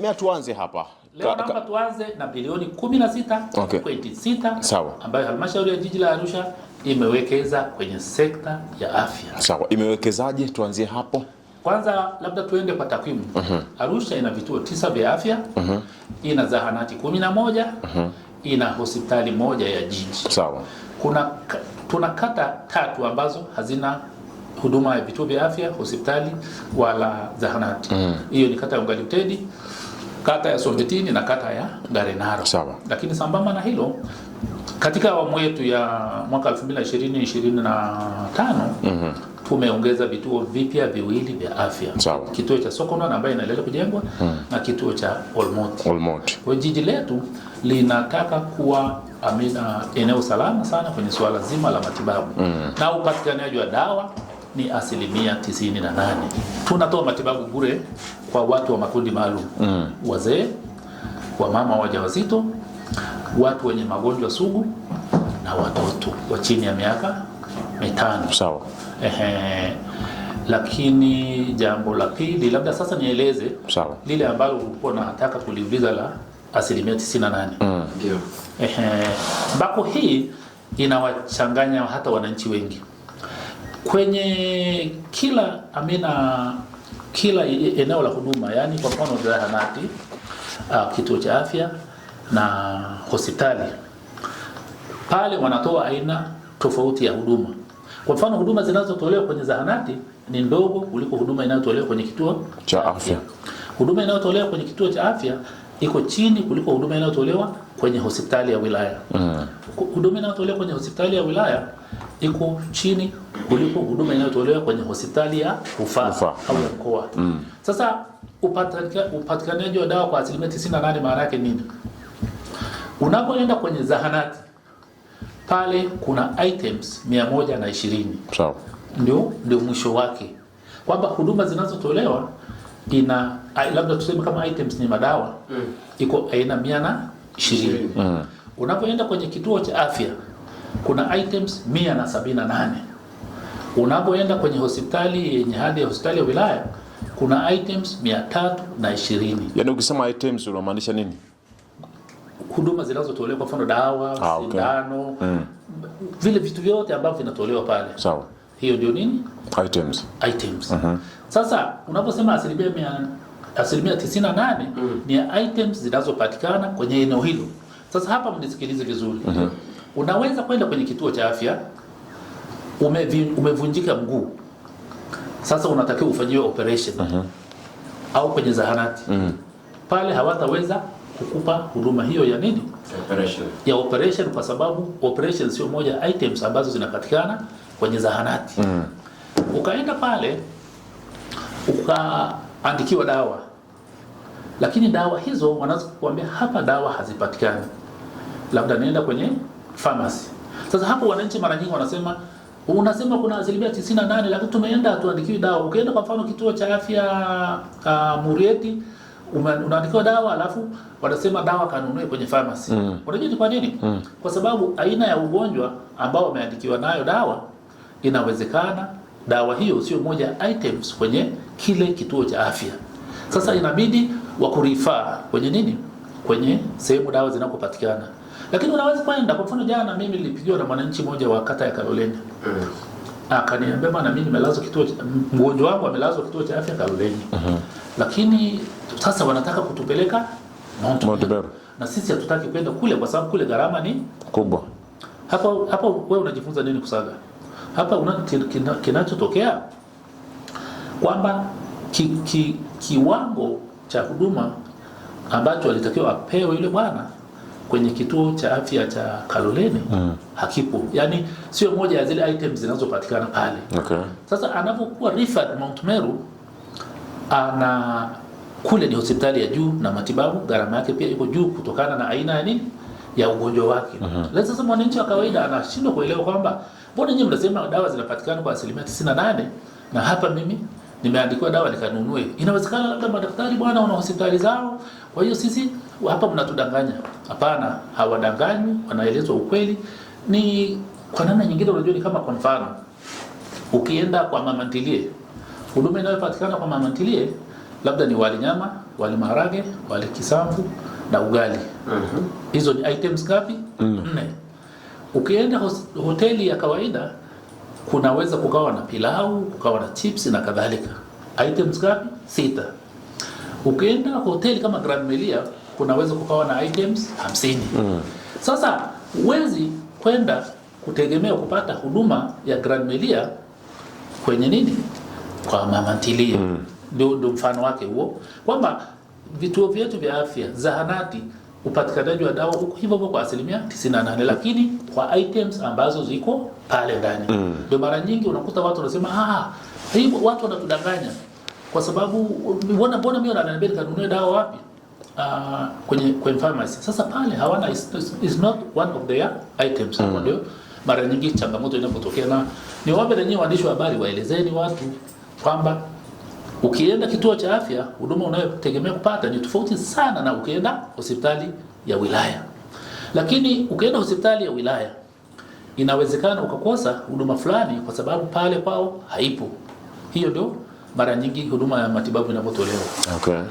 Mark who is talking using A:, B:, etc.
A: Mea tuanze hapa
B: leo ka, ka, tuanze na bilioni 16.6 okay, ambayo halmashauri ya jiji la Arusha imewekeza kwenye sekta ya afya.
A: Sawa, imewekezaje? Tuanzie hapo
B: kwanza, labda tuende kwa takwimu uh mhm. -huh. Arusha ina vituo tisa vya afya uh mhm. -huh. ina zahanati moja uh -huh. ina hospitali moja ya jiji. Sawa. Kuna tuna kata tatu ambazo hazina huduma ya vituo vya afya, hospitali wala zahanati. Mm. Hiyo mm. ni kata ya Ungalutedi, kata ya Sombetini na kata ya Garenaro. Sawa. Lakini sambamba na hilo katika awamu yetu ya mwaka 2020 2025 mm tumeongeza vituo vipya viwili vya afya Sawa. kituo cha Sokonon ambayo inaendelea kujengwa mm. na kituo cha Olmoti. Olmoti. Kwa jiji letu linataka kuwa amina uh, eneo salama sana kwenye suala zima la matibabu mm. na upatikanaji wa dawa ni asilimia 98. Tunatoa matibabu bure kwa watu wa makundi maalum mm. Wazee, wamama wajawazito, watu wenye magonjwa sugu na watoto wa chini ya miaka mitano. Sawa. Ehe, lakini jambo la pili labda sasa nieleze Sawa. lile ambalo ulikuwa unataka kuliuliza la asilimia 98. Mm. Ehe, bako hii inawachanganya hata wananchi wengi kwenye kila amina, uh, kila eneo la huduma, yaani kwa mfano zahanati, uh, kituo cha afya na hospitali, pale wanatoa aina tofauti ya huduma. Kwa mfano huduma zinazotolewa kwenye zahanati ni ndogo kuliko huduma inayotolewa kwenye kituo cha afya. Huduma inayotolewa kwenye kituo cha afya iko chini kuliko huduma inayotolewa kwenye hospitali ya wilaya. Mm. Huduma inayotolewa kwenye hospitali ya wilaya iko chini kuliko huduma inayotolewa kwenye hospitali ya rufaa au ya mkoa. Mm. Sasa upatikanaji wa dawa kwa asilimia 98 maana yake nini? Unapoenda kwenye zahanati pale kuna items 120. Sawa. Ndio, ndio mwisho wake kwamba huduma zinazotolewa ina labda tuseme kama items ni madawa mm. iko aina 120. Mm. Unapoenda kwenye kituo cha afya kuna items 178. Unapoenda kwenye hospitali yenye hadhi ya hospitali ya wilaya kuna items 320.
A: Yaani ukisema items unamaanisha nini?
B: Huduma zinazotolewa kwa mfano dawa, ah, sindano, mm. vile vitu vyote ambavyo vinatolewa pale. Sawa. Hiyo ndio nini? Items. Items. Mm -hmm. Sasa unaposema asilimia mia asilimia 98 mm. ni items zinazopatikana kwenye eneo hilo. Sasa hapa mnisikilize vizuri. Mm-hmm. Unaweza kwenda kwenye kituo cha afya, umevunjika mguu, sasa unatakiwa ufanyiwe operation uh mhm. -huh. au kwenye zahanati uh mhm. -huh. pale hawataweza kukupa huduma hiyo ya nini, operation. ya operation, kwa sababu operation sio moja items ambazo zinapatikana kwenye zahanati uh mhm. -huh. ukaenda pale ukaandikiwa dawa, lakini dawa hizo wanazokuambia hapa dawa hazipatikani, labda nienda kwenye pharmacy. Sasa hapo wananchi mara nyingi wanasema unasema kuna asilimia 98 lakini tumeenda tuandikiwe dawa. Ukienda kwa mfano kituo cha afya uh, Murieti unaandikiwa dawa alafu wanasema dawa kanunue kwenye pharmacy. Mm. Unajua ni kwa nini? Mm. Kwa sababu aina ya ugonjwa ambao umeandikiwa nayo dawa inawezekana dawa hiyo sio moja items kwenye kile kituo cha afya. Sasa inabidi wakurifaa kwenye nini? Kwenye sehemu dawa zinakopatikana. Lakini unaweza kwenda. Kwa mfano, jana mimi nilipigiwa na mwananchi mmoja wa kata ya Kaloleni mm. akaniambia bwana, mimi nimelazwa kituo, mgonjwa wangu amelazwa kituo cha afya Kaloleni mm -hmm. lakini sasa wanataka kutupeleka
A: Montevideo
B: na sisi hatutaki kwenda kule kwa sababu kule gharama ni kubwa. Hapa hapa wewe unajifunza nini kusaga? Hapa kinachotokea kina kwamba ki, ki, kiwango cha huduma ambacho alitakiwa apewe yule bwana kwenye kituo cha afya cha Kaloleni mm. hakipo, yani sio moja ya zile items zinazopatikana pale okay. Sasa anapokuwa referred Mount Meru ana kule ni hospitali ya juu na matibabu gharama yake pia iko juu kutokana na aina ya nini ya ugonjwa wake. mm -hmm. Sasa mwananchi wa kawaida anashindwa kuelewa kwamba mbona nyinyi mnasema dawa zinapatikana kwa asilimia 98 na hapa mimi nimeandikiwa dawa nikanunue. Inawezekana labda madaktari bwana wana hospitali zao, kwa hiyo sisi hapa mnatudanganya. Hapana, hawadanganywi, wanaelezwa ukweli. Ni kwa namna nyingine, unajua ni kama kwa mfano ukienda kwa mama ntilie, huduma inayopatikana kwa mama ntilie labda ni wali nyama, wali maharage, wali kisamvu na ugali. Mhm. Hizo mm -hmm. ni items ngapi? Mm. Nne. mm -hmm. Ukienda hoteli ya kawaida kunaweza kukawa na pilau, kukawa na chips na kadhalika. Items ngapi? Sita. Ukienda hoteli kama Grand Melia kunaweza kukawa na items hamsini. Mm. Sasa huwezi kwenda kutegemea kupata huduma ya Grand Melia kwenye nini, kwa mama ntilie. Mm. Ndio mfano wake huo kwamba vituo vyetu vya afya, zahanati upatikanaji wa dawa huko hivyo hivyo kwa asilimia 98, lakini kwa items ambazo ziko pale ndani mm. ndio. Mm. Mara nyingi unakuta watu wanasema ah, hivyo watu wanatudanganya kwa sababu mbona mbona mimi ananiambia nikanunue dawa wapi? Uh, kwenye kwenye pharmacy. Sasa pale hawana is, is not one of their items. Mm. Ndio mara nyingi changamoto inapotokea, na ni wape lenyewe waandishi wa habari waelezeni watu kwamba Ukienda kituo cha afya, huduma unayotegemea kupata ni tofauti sana na ukienda hospitali ya wilaya. Lakini ukienda hospitali ya wilaya, inawezekana ukakosa huduma fulani kwa sababu pale pao haipo. Hiyo ndio mara nyingi huduma ya matibabu inapotolewa. Okay.